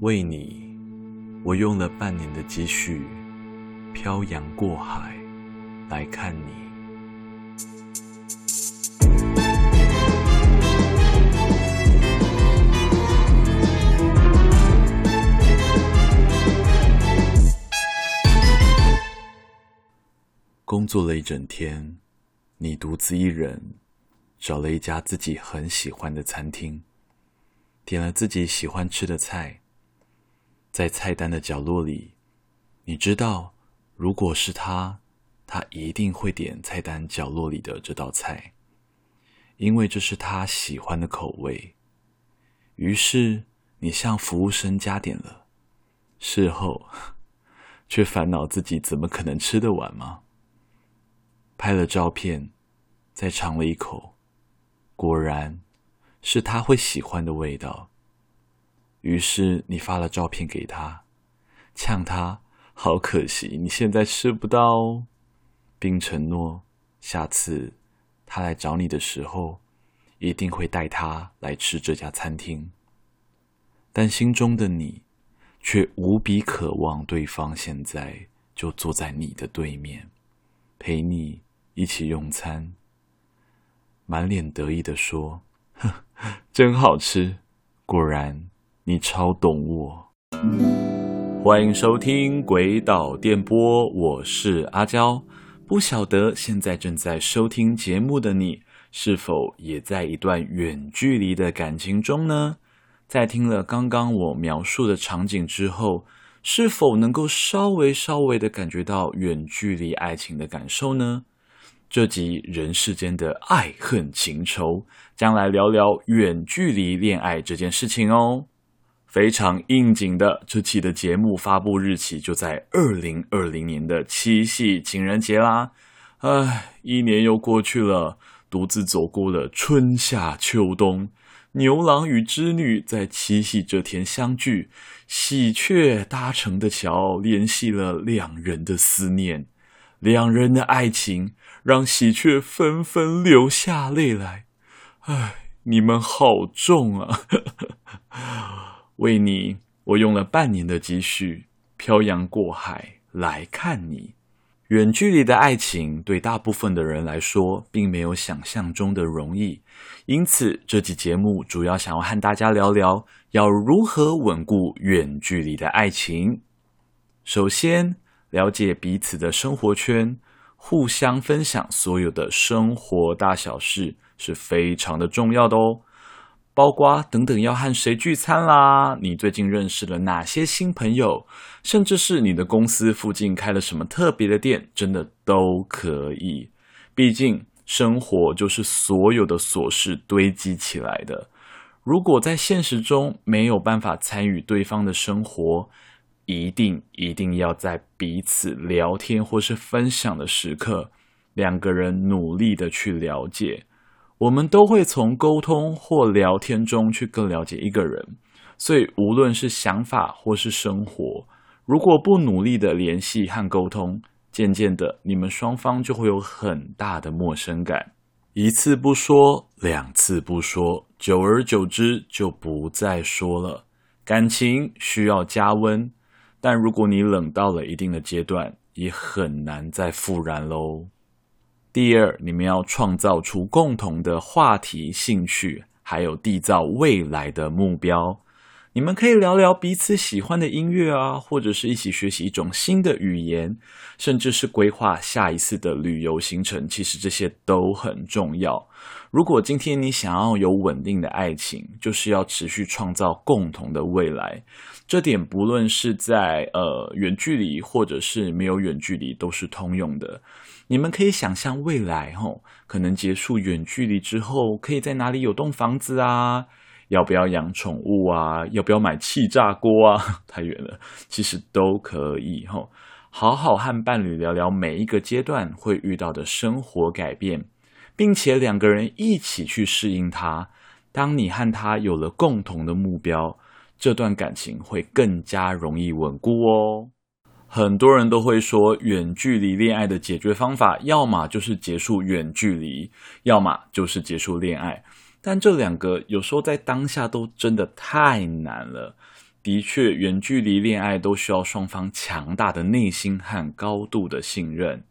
為你，我用了半年的積蓄，漂洋過海來看你。工作了一整天，你獨自一人，找了一家自己很喜歡的餐廳，點了自己喜歡吃的菜。在菜單的角落裡，你知道，如果是他，他一定會點菜單角落裡的這道菜，因為這是他喜歡的口味。於是你向服務生加點了，事後卻煩惱自己怎麼可能吃得完嗎？拍了照片，再嘗了一口，果然，是他會喜歡的味道。於是你發了照片給他，嗆他：“好可惜，你現在吃不到哦。”並承諾下次他來找你的時候，一定會帶他來吃這家餐廳。但心中的你卻無比渴望對方現在就坐在你的對面，陪你一起用餐。滿臉得意的說：“呵，真好吃，果然。”你超懂我，歡迎收聽《鬼島電波》，我是阿嬌。不曉得現在正在收聽節目的你，是否也在一段遠距離的感情中呢？在聽了剛剛我描述的場景之後，是否能夠稍微稍微的感覺到遠距離愛情的感受呢？這集人世間的愛恨情仇，將來聊聊遠距離戀愛這件事情哦。非常應景的，這期的節目發布日期就在二零二零年的七夕情人節啦。唉，一年又過去了，獨自走過了春夏秋冬。牛郎與織女在七夕這天相聚，喜鵲搭成的橋聯繫了兩人的思念，兩人的愛情讓喜鵲紛紛紛流下淚來。唉，你們好重啊！ 為你，我用了半年的積蓄，漂洋過海來看你。遠距離的愛情對大部分的人來說，並沒有想象中的容易。因此，這期節目主要想要和大家聊聊，要如何穩固遠距離的愛情。首先，了解彼此的生活圈，互相分享所有的生活大小事，是非常的重要的哦。包括等等，要和誰聚餐啦？你最近認識了哪些新朋友？甚至是你的公司附近開了什麼特別的店？真的都可以。畢竟生活就是所有的瑣事堆積起來的。如果在現實中沒有辦法參與對方的生活，一定一定要在彼此聊天或是分享的時刻，兩個人努力的去了解。我們都會從溝通或聊天中去更了解一個人，所以無論是想法或是生活，如果不努力的聯繫和溝通，漸漸的你們雙方就會有很大的陌生感。一次不說，兩次不說，久而久之就不再說了。感情需要加溫，但如果你冷到了一定的階段，也很難再復燃嘍。第二，你們要創造出共同的話題、興趣，還有締造未來的目標。你們可以聊聊彼此喜歡的音樂啊，或者是一起學習一種新的語言，甚至是規劃下一次的旅遊行程。其實這些都很重要。如果今天你想要有穩定的愛情，就是要持續創造共同的未來。這點不論是在呃遠距離或者是沒有遠距離都是通用的。你們可以想象未來吼、哦，可能結束遠距離之後，可以在哪裡有棟房子啊？要不要養寵物啊？要不要買氣炸鍋啊？太遠了，其實都可以吼、哦。好好和伴侶聊聊每一個階段會遇到的生活改變，並且兩個人一起去適應它。當你和他有了共同的目標。這段感情會更加容易穩固哦。很多人都會說，遠距離戀愛的解決方法，要麼就是結束遠距離，要麼就是結束戀愛。但這兩個有時候在當下都真的太難了。的確，遠距離戀愛都需要雙方強大的內心和高度的信任。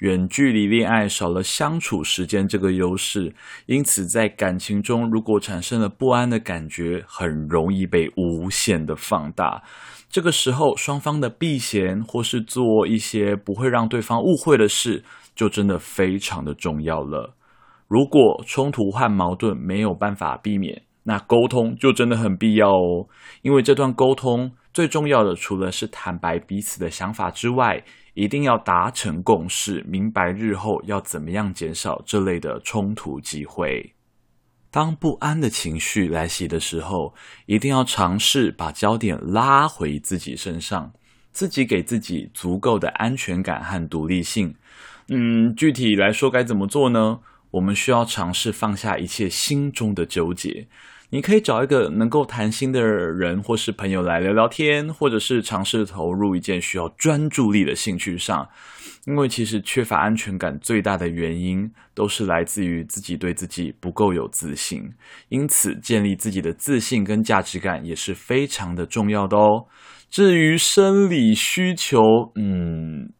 遠距離戀愛少了相處時間這個優勢，因此在感情中如果產生了不安的感覺，很容易被無限的放大。這個時候，雙方的避嫌或是做一些不會讓對方誤會的事，就真的非常的重要了。如果衝突和矛盾沒有辦法避免，那溝通就真的很必要哦，因為這段溝通。最重要的，除了是坦白彼此的想法之外，一定要達成共識，明白日後要怎麼樣減少這類的衝突機會。當不安的情緒來襲的時候，一定要嘗試把焦點拉回自己身上，自己給自己足夠的安全感和獨立性。嗯，具體來說該怎麼做呢？我們需要嘗試放下一切心中的糾結。你可以找一個能夠談心的人，或是朋友來聊聊天，或者是嘗試投入一件需要專注力的興趣上。因為其實缺乏安全感最大的原因，都是來自於自己對自己不夠有自信。因此，建立自己的自信跟價值感也是非常的重要的哦。至於生理需求，嗯。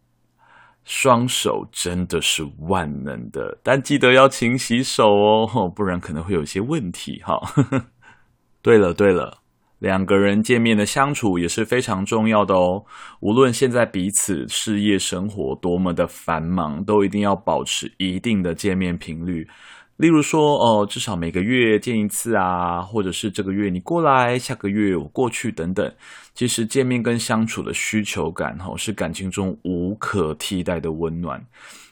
雙手真的是萬能的，但記得要勤洗手哦，不然可能會有一些問題哈、哦。 對了對了，兩個人見面的相處也是非常重要的哦。無論現在彼此事業生活多麼的繁忙，都一定要保持一定的見面頻率。例如說，哦，至少每個月見一次啊，或者是這個月你過來，下個月我過去等等。其實見面跟相處的需求感，吼、哦，是感情中無可替代的溫暖。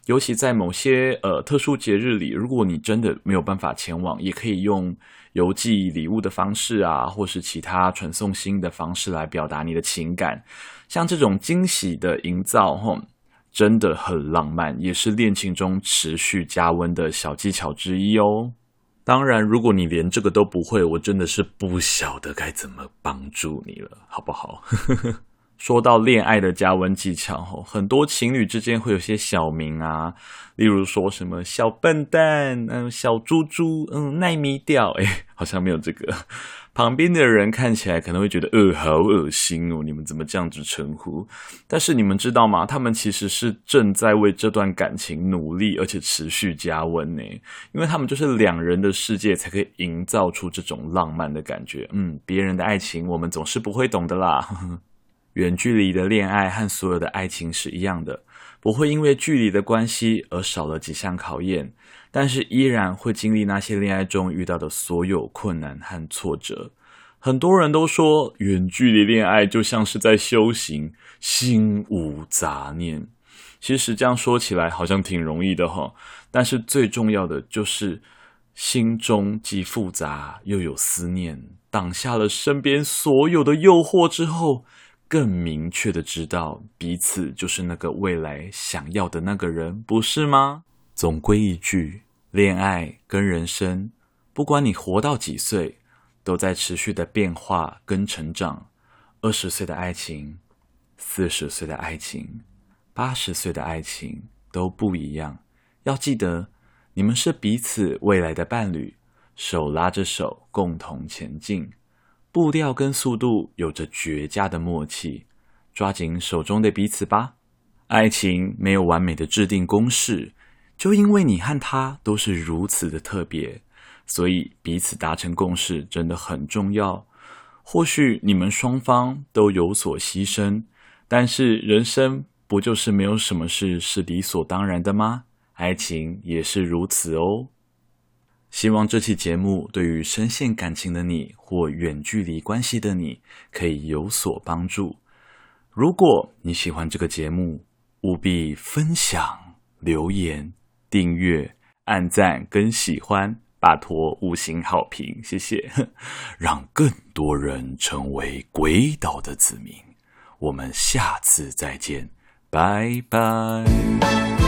尤其在某些呃特殊節日裡，如果你真的沒有辦法前往，也可以用郵寄禮物的方式啊，或是其他傳送新的方式來表達你的情感。像這種驚喜的營造，吼、哦。真的很浪漫，也是戀情中持續加溫的小技巧之一哦。當然，如果你連這個都不會，我真的是不曉得該怎麼幫助你了，好不好？呵呵呵。說到戀愛的加溫技巧，很多情侶之間會有些小名啊，例如說什麼小笨蛋，嗯、呃，小豬豬，嗯、呃，奈米掉，欸，好像沒有這個。旁邊的人看起來可能會覺得，呃，好惡心哦，你們怎麼這樣子稱呼？但是你們知道嗎？他們其實是正在為這段感情努力，而且持續加溫呢、欸，因為他們就是兩人的世界才可以營造出這種浪漫的感覺。嗯，別人的愛情我們總是不會懂的啦，呵呵。遠距離的戀愛和所有的愛情是一樣的，不會因為距離的關係而少了幾項考驗，但是依然會經歷那些戀愛中遇到的所有困難和挫折。很多人都說，遠距離戀愛就像是在修行，心無雜念。其實這樣說起來好像挺容易的哈，但是最重要的就是心中既複雜又有思念，擋下了身邊所有的誘惑之後。更明確的知道彼此就是那個未來想要的那個人，不是嗎？總歸一句，戀愛跟人生，不管你活到幾歲，都在持續的變化跟成長。二十歲的愛情，四十歲的愛情，八十歲的愛情都不一樣。要記得，你們是彼此未來的伴侶，手拉着手共同前進。步調跟速度有着絕佳的默契，抓緊手中的彼此吧。愛情沒有完美的制定公式，就因為你和他都是如此的特別，所以彼此達成共識真的很重要。或許你們雙方都有所犧牲，但是人生不就是沒有什麼事是理所當然的嗎？愛情也是如此哦。希望這期節目對於深陷感情的你或遠距離關係的你可以有所幫助。如果你喜歡這個節目，務必分享、留言、訂閱、按讚跟喜歡，拜托五星好評，謝謝！讓更多人成為詭島的子民。我們下次再見，拜拜。